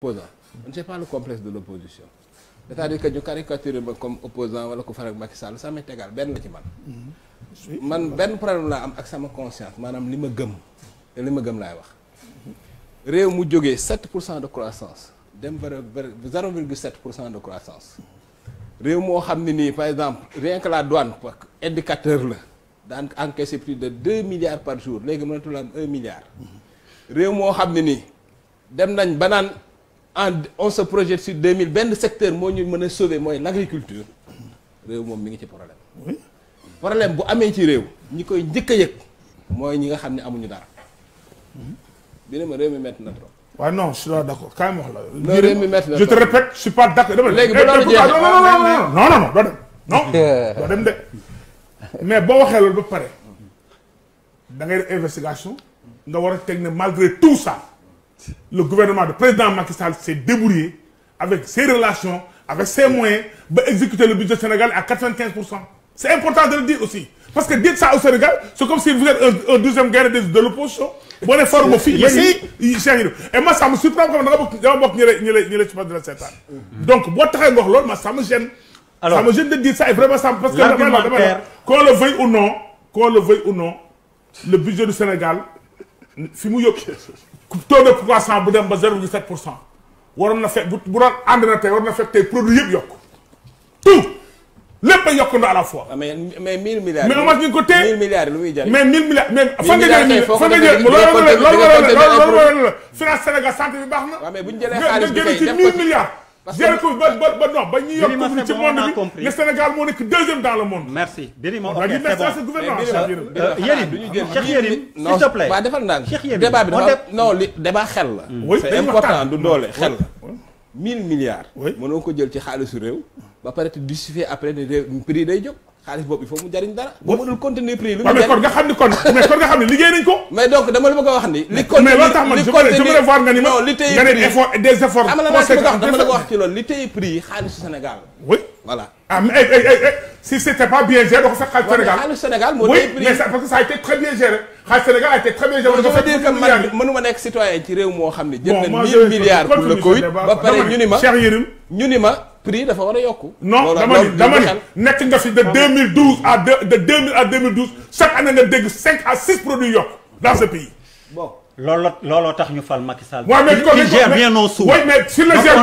opposant c'est pas le man mm-hmm. benn problème laa am ak sama conscience maanaam li ma gëm li ma gëm laay wax réew mu jógee 7 pour cent de croissance dem ba 0,7 pour cent de croissance réew moo xam ne nii par exemple rien que la douane indicateur la daan encaissé plus de 2 milliards par jour léegi mënatul am 1 milliard mm-hmm. réew moo xam ne nii dem nañ ba en on se projette sur 2000 benn secteur moo ñu mën a sauver mooy l' réew moom mi ngi ci problème. oui problème bu amee ci réew. ñi koy njëkk a yëg. mooy ñi nga xam ne amuñu dara. bi ne ma réew mi métti na trop. waaw non je suis pas d' accord la. réew mi métti na trop je te léegi bu loolu jeexee non non non non dem. non mais boo waxee loolu ba pare da ngay investigation nga war a teg ne malgré tout ça. le gouvernement de président Macky Sall s'est débrouillé avec ses relations avec ses moyens ba exécuter le budget Sénégal à pour cent c'est important de le dire aussi parce que dire ça au Sénégal c'est comme si vous êtes un, un deuxième guerre de l'opposition boo ne forme fii yéen Cheikh Yérim donc boo taxee nga wax loolu man me gêne alors me gêne de dire ça et vraiment ça parce que dama le veuille ou non qu'on le veuille ou non le budget du Sénégal fi mu taux de croissance bu dem ba zero virgule sept pour cent waroon na fekk bu bu doon na tey war na fekk tey produit yëpp yokk tout lépp a yokk na à la fois. mais mais mille milliards. mais au moins ñu ngi ko téye mille milliards lu muy jariñ. mais mille milliards mais fan nga jël fan nga jël loolu la loolu la loolu la finance Sénégal santé bi baax na. waaw mais bu ñu jëlee xaalis bi tey def ko ci mille milliards. zéro couche ba ba ba non ba ñuy yokk couvre ci monde bi le defal naa Cheikh bi dafa non li débat xel la. c'est important du doole xel la. milliards. mënoo ko jël ci xaalisu réew. ba pare te justifier après ne prix day jóg. xaalis boobu il mu jariñ dara. boo mënul continuer prix lu mu jariñ kon nga xam ni kon nga xam ne liggéey nañ ko. mais donc dama la bëgg a wax ni. li continuer li téye prix nga ne a wax ci Sénégal. oui ah mais eh, eh, eh, si c'était pas bien géré doo ko fekk xaalis Sénégal xaalis Sénégal moo téye prix oui mais parce que ça a été xaalis Sénégal a été très bien géré. je veux dire man mënuma nekk citoyen ci réew moo xam ne jël na 1000 milliards pour le Covid prix dafa war a yokk no dama ni dama ni nekk nga fi de 2012 à de de 2000 à 2012 chaque année nga dégg 5 à 6 produits yokku dans ce pays. looloo looloo tax ñu fal Macky Sall. waaw mais kon il gère bien nos sous. oui mais si le gère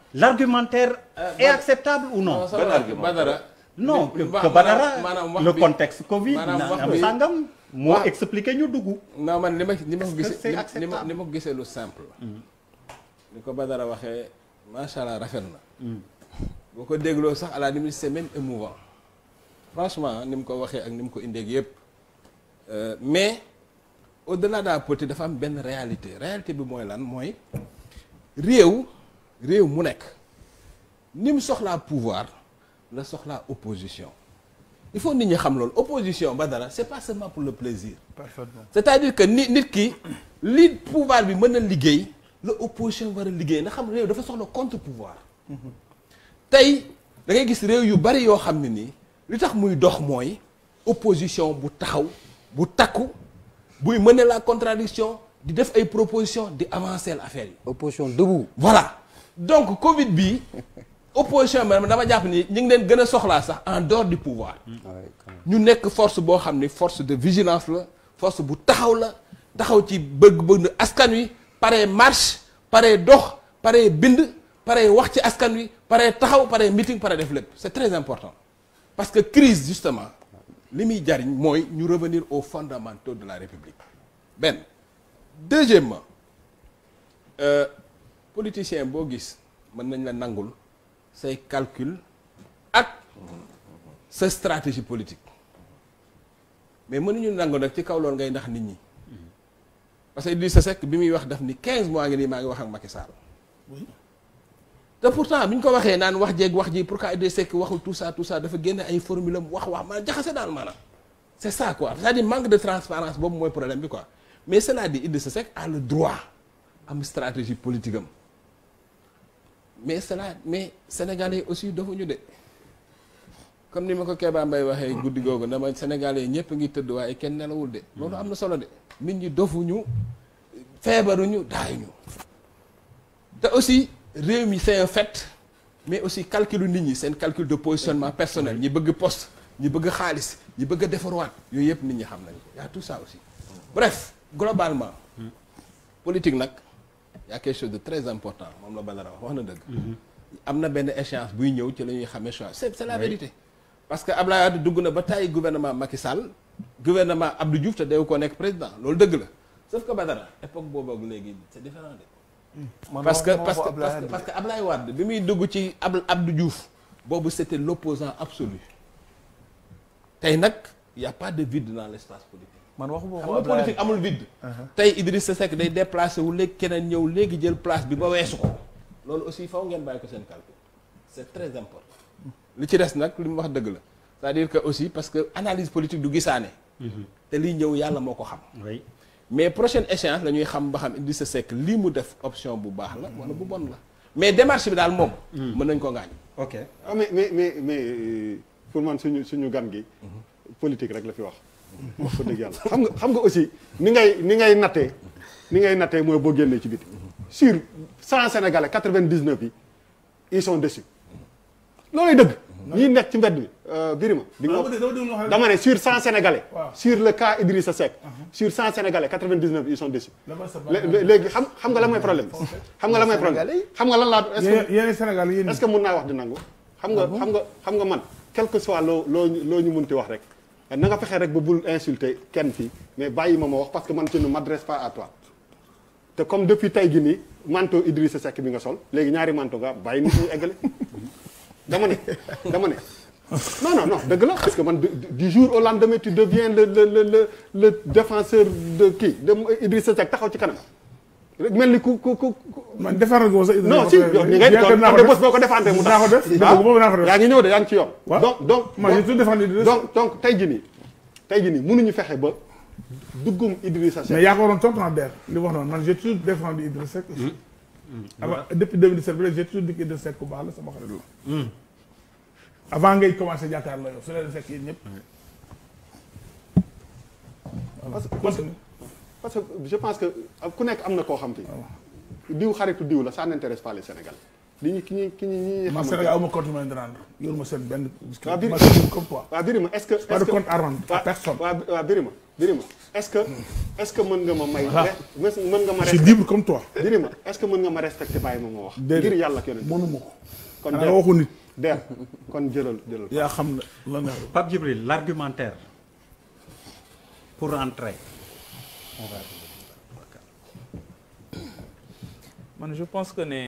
l'argumentaire euh, euh est acceptable ou non. non que Badara le contexte Covid. maanaam sangam. moo expliqué ñu dugg. non man li ma li ma ko gisee li ma li ma ko gisee lu simple. Mm. ni ko Badara waxee macha allah rafet na. Mm. boo ko dégloo sax à la limite c'est même émouvant franchement ni mu ko waxee ak ni mu ko indeeg yëpp euh, mais au-delà de la dafa am benn réalité réalité bi mooy lan mooy réew. réew mu nekk ni mu soxlaa pouvoir la soxlaa opposition il faut nit ñi xam loolu opposition ba dara c'est pas seulement pour le plaisir. parfaitement c'est-à-dire que ni nit ki li pouvoir bi mën na liggéey la opposition war a liggéey nga xam réew dafa soxla contre pouvoir. tey da ngay gis réew yu bari yoo xam ne nii li tax muy dox mooy opposition bu taxaw bu takku buy mener la contradiction di def ay propositions di avancer affaire yi. opposition debout. voilà. donc Covid bi opposition bi dama jàpp ni ñu ngi leen gën a soxlaa sax en dehors du pouvoir. Mm. Ah ñu nekk force boo xam ni force de vigilance la force bu taxaw la taxaw ci bëgg-bëgg askan wi pare marche pare dox pare bind pare wax ci askan wi pare taxaw pare meeting pare def lépp c'est très important parce que crise justement li muy jariñ mooy ñu revenir au fondamentaux de la République benn deuxièmement. Euh, politicien boo gis mën nañ la nangul say calcul ak sa stratégie politique mais mënuñu nangu nag ci kaw loolu ngay ndax nit ñi parce que sa Seck bi muy wax daf ni 15 mois ngi nii maa ngi wax ak Macky Sall. te pourtant bi ñu ko waxee naan wax jeeg wax ji pourquoi Idrissa Seck waxul tout ça tout ça dafa génne ay formule am wax wax maanaam jaxase daal maanaam. c' est ça quoi cest à manque de transparence boobu mooy problème bi quoi mais cela dit Idrissa Seck a le droit am stratégie politique am. mais selaat mais sénégalais aussi dofu ñu de comme ni ma ko Kéba Mbaye waxee guddi googu na ma sénégalais ñëpp ngi tëdd waaye kenn nelawul de loolu am na solo de nit ñi dofuñu feebaruñu daayuñu te aussi réew mi c'est un fait mais aussi calculu nit ñi seen calcul de positionnement personnel ñi bëgg poste ñi bëgg xaalis ñi bëgg a yooyu yëpp nit ñi xam nañ y a tout ça aussi bref globalement hmm. politique nag y a quelque chose de très important moom la Badara wax wax na dëgg. Mhm. am na benn échéance buy ñëw ci la ñuy xamee choix c'est c'est la vérité. parce que Abdoulaye Wade dugg na ba tàyyi gouvernement Macky Sall gouvernement Abdou Diouf te deewu ko nekk président loolu dëgg la sauf que Badara époque boobu ak léegi c'est différent de. Mm. parce que parce que parce que Abdoulaye Wade bi muy dugg ci ab Abdou Diouf boobu c'était l'opposant absolu tey nag y a pas de vide dans l'espace politique. man waxuma ko Abdoulaye politique amul vide. Uh-huh. tey sa Seck day déplacé wu léegi keneen ñëw léegi jël place bi ba weesu ko. loolu aussi faw ngeen bàyyi ko seen calcul c'est très important. li ci des nag li mu wax dëgg la c'est-à-dire que aussi parce que analyse politique du gisaane. Mhm. te liy ñëw yàlla moo ko xam. oui mais prochaine échéance la ñuy xam ba xam sa Seck lii mu def option bu baax la wala bu bon la mais démarché bi daal moom. Mhm. mën nañ ko ngaañ. ok ah mais mais mais mais euh, pour suñu suñu gan gi. Mhm. politique rek la fi wax. wax fa yàlla xam nga xam nga aussi ni ngay ni ngay nattee ni ngay nattee mooy boo génnee ci biti sur cent sénégalais quatre-vingt-dix-neuf yi ils sont déçus loolay dëgg ñi nekk ci mbedd bi euh, Birima di nga dama ne sur cent sénégalais sur le cas Idrissa Seck sur cent sénégalais quatre-vingt-dix-neuf ils sont léegi xam nga lan mooy problème xam nga lan mooy problème xam nga lan laa est-ce que mun naa wax di nangu xam nga ah xam nga xam nga man quel que soit loo loo loo ñu munti wax rek Eh, na nga fexe rek ba bul insulter kenn fii mais bàyyi ma ma wax parce que man tu nu m'adresse pas à toi te comme depuis tey gi nii manteau Idrissa Seck bi nga sol léegi ñaari manteau nga bàyyi nit ñuy eggale dama ne dama ne non non non dëgg la parce que man du jour au lendemain tu deviens le le le le défenseur de kii de sa Seck taxaw ci kanam. mel ni ku ku ku. man défendre nga ko sax. non si yow ni ngay doon am na bés boo ko défendre mu tax. naa ah? ko def dëgg yaa ngi ñëw de yaa ngi ci yoon. donc donc man yéen suñu donc donc tey jii nii. tey jii nii mënuñu fexe ba duggum Idrissa Seck. mais yaa ko waroon tontu naa der li wax noonu man j'ai toujours défendu Idrissa Seck. Mm. avant depuis 2017 ba léegi j'ai toujours dit que Idrissa Seck ku baax la sama xarit la. Mm. avant ngay commencé jàkkaarloo yow su leen fekk yéen ñëpp. parce que. parce que je pense que ku nekk am na koo xam te diw xaritu diw la ça n'intéresse pas les Sénégalais. li ñu ki ñu ki ñu xam. man Sénégal amul compte moyen de rendre. Ah, ma seen benn. waaw ah, Birima comme toi. waaw est que. pas de que. est-ce que mën nga ma may. Ah. mën nga ma. je suis libre comme toi. Birima est-ce que mën nga ma respecter bàyyi ma ma wax. ngir yàlla keneen mënuma ko. kon dara waxu nit. der kon jëlal jëlal. yaa xam la nga. Pape Djibril l'argumentaire pour entrer. on va man je pense que ne